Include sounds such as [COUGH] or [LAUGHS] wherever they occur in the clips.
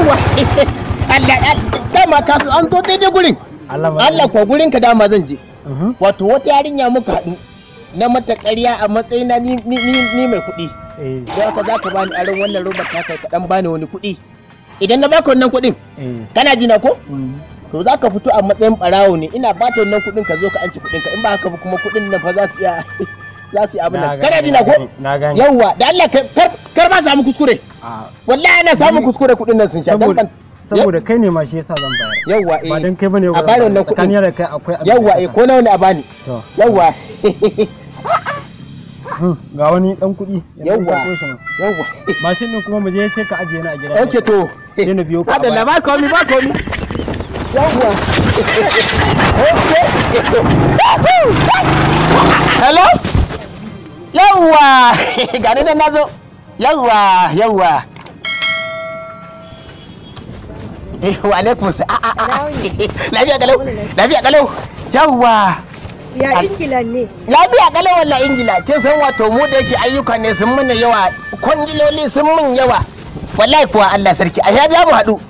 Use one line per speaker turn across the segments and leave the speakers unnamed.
yawa Allah dama ka su an zo daidai gurin Allah kwa gurin ka dama zan je mhm. wato wata yarinya muka haɗu na mata ƙarya a matsayin na ni mai kuɗi eh. don haka za ka bani aron wannan robar ta kai kaɗan bani wani kuɗi idan na baka wannan kuɗin eh. kana jina ko mm. to za ka fito a matsayin ɓarawo ne ina bata wannan kuɗin ka zo ka anci kuɗin ka in ba haka kuma kuɗin nan fa za su iya za su yi abin nan kada ji ko da Allah kar samu kuskure wallahi samun kuskure kudin nan sun sha saboda kai ne ma shi yasa zan bayar eh ba dan kai bane a bani wannan kai akwai eh ko nawa ne a bani ga wani dan kuma mu je ka ajiye a gida okay to sai na biyo hello [LAUGHS] gani nan na zo yawwa yawwa eh, wa alaikum sa a [LAUGHS] lafiya kalau lafiya kalau yawwa ya ingila ne lafiya kalau walla ingila kin san wato mu da yake ayyuka ne sun mun yawa kwangiloli sun mun yawa wallahi kuwa Allah sarki a ya mu haɗu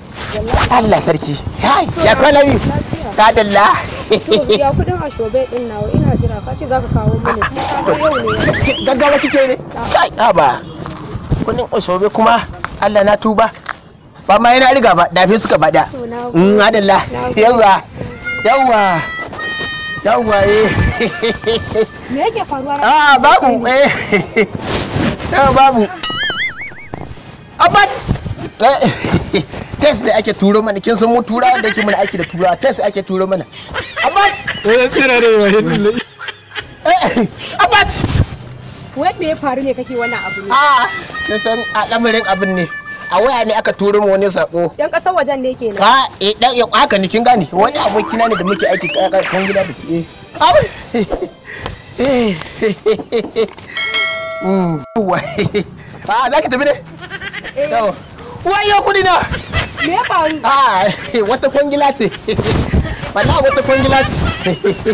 Allah sarki ya kwa biyu Ta dalla ya kudin ashobe din nawa ina jira ka ce zaka kawo mini gaggawa kike ne kai haba kudin ashobe kuma Allah na tuba ba ma yana riga ba dafe suka bada in mm, adalla yawa yawa yawa eh me yake faruwa Ah, babu eh babu abat Eh. test da ake turo mana kin san mu turawa da ke mana aiki da turawa test ake turo mana amma eh sira ne wai eh abat wai me ya faru ne kake wannan abu ne a ah, kin san al'amarin abin ne a waya ne aka turo mu wani sako yan kasar wajen ne kenan a ah, eh dan ya haka ne kin gane wani aboki ne da muke aiki kan gida da eh awai [LAUGHS] eh [LAUGHS] mm wai [LAUGHS] a ah, zaki tafi ne eh. wayo kudi na me ah, [LAUGHS] wata kwangila ce [LAUGHS] wala wata kwangila ce [LAUGHS]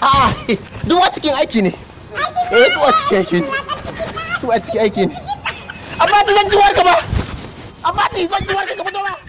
ah, duk cikin aiki ne eh duk a cikin aiki ne duk cikin aiki ne amma ta zan ciwar ka ba amma ta zan ciwar ka ba